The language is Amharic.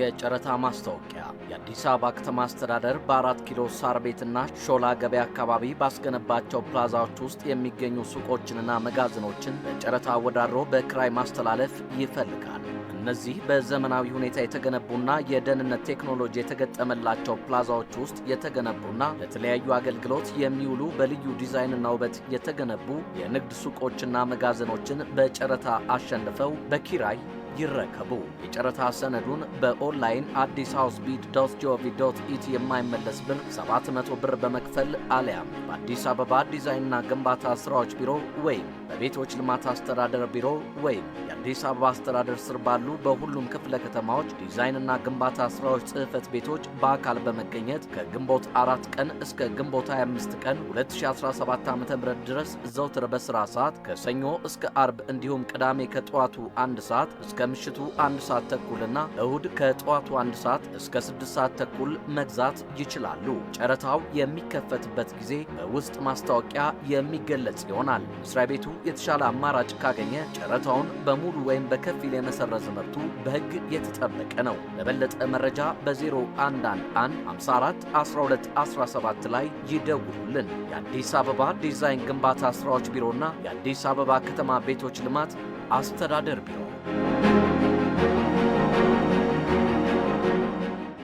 የጨረታ ማስታወቂያ የአዲስ አበባ ከተማ አስተዳደር በአራት ኪሎ ሳር ቤትና ሾላ ገበያ አካባቢ ባስገነባቸው ፕላዛዎች ውስጥ የሚገኙ ሱቆችንና መጋዘኖችን በጨረታ አወዳድሮ በክራይ ማስተላለፍ ይፈልጋል። እነዚህ በዘመናዊ ሁኔታ የተገነቡና የደህንነት ቴክኖሎጂ የተገጠመላቸው ፕላዛዎች ውስጥ የተገነቡና ለተለያዩ አገልግሎት የሚውሉ በልዩ ዲዛይንና ውበት የተገነቡ የንግድ ሱቆችና መጋዘኖችን በጨረታ አሸንፈው በኪራይ ይረከቡ። የጨረታ ሰነዱን በኦንላይን አዲስ ሀውስ ቢድ ዶት ጂኦቪ ዶት ኢቲ የማይመለስ ብር 700 ብር በመክፈል አሊያም በአዲስ አበባ ዲዛይንና ግንባታ ስራዎች ቢሮ ወይም በቤቶች ልማት አስተዳደር ቢሮ ወይም የአዲስ አበባ አስተዳደር ስር ባሉ በሁሉም ክፍለ ከተማዎች ዲዛይንና ግንባታ ስራዎች ጽህፈት ቤቶች በአካል በመገኘት ከግንቦት አራት ቀን እስከ ግንቦት 25 ቀን 2017 ዓ.ም ድረስ ዘውትር በስራ ሰዓት ከሰኞ እስከ አርብ እንዲሁም ቅዳሜ ከጠዋቱ አንድ ሰዓት እስከ ከምሽቱ አንድ ሰዓት ተኩልና እሁድ ከጠዋቱ አንድ ሰዓት እስከ ስድስት ሰዓት ተኩል መግዛት ይችላሉ። ጨረታው የሚከፈትበት ጊዜ በውስጥ ማስታወቂያ የሚገለጽ ይሆናል። መስሪያ ቤቱ የተሻለ አማራጭ ካገኘ ጨረታውን በሙሉ ወይም በከፊል የመሰረዝ መብቱ በሕግ የተጠበቀ ነው። ለበለጠ መረጃ በ0111 54 12 17 ላይ ይደውሉልን። የአዲስ አበባ ዲዛይን ግንባታ ስራዎች ቢሮና የአዲስ አበባ ከተማ ቤቶች ልማት አስተዳደር ቢሮ Thank you.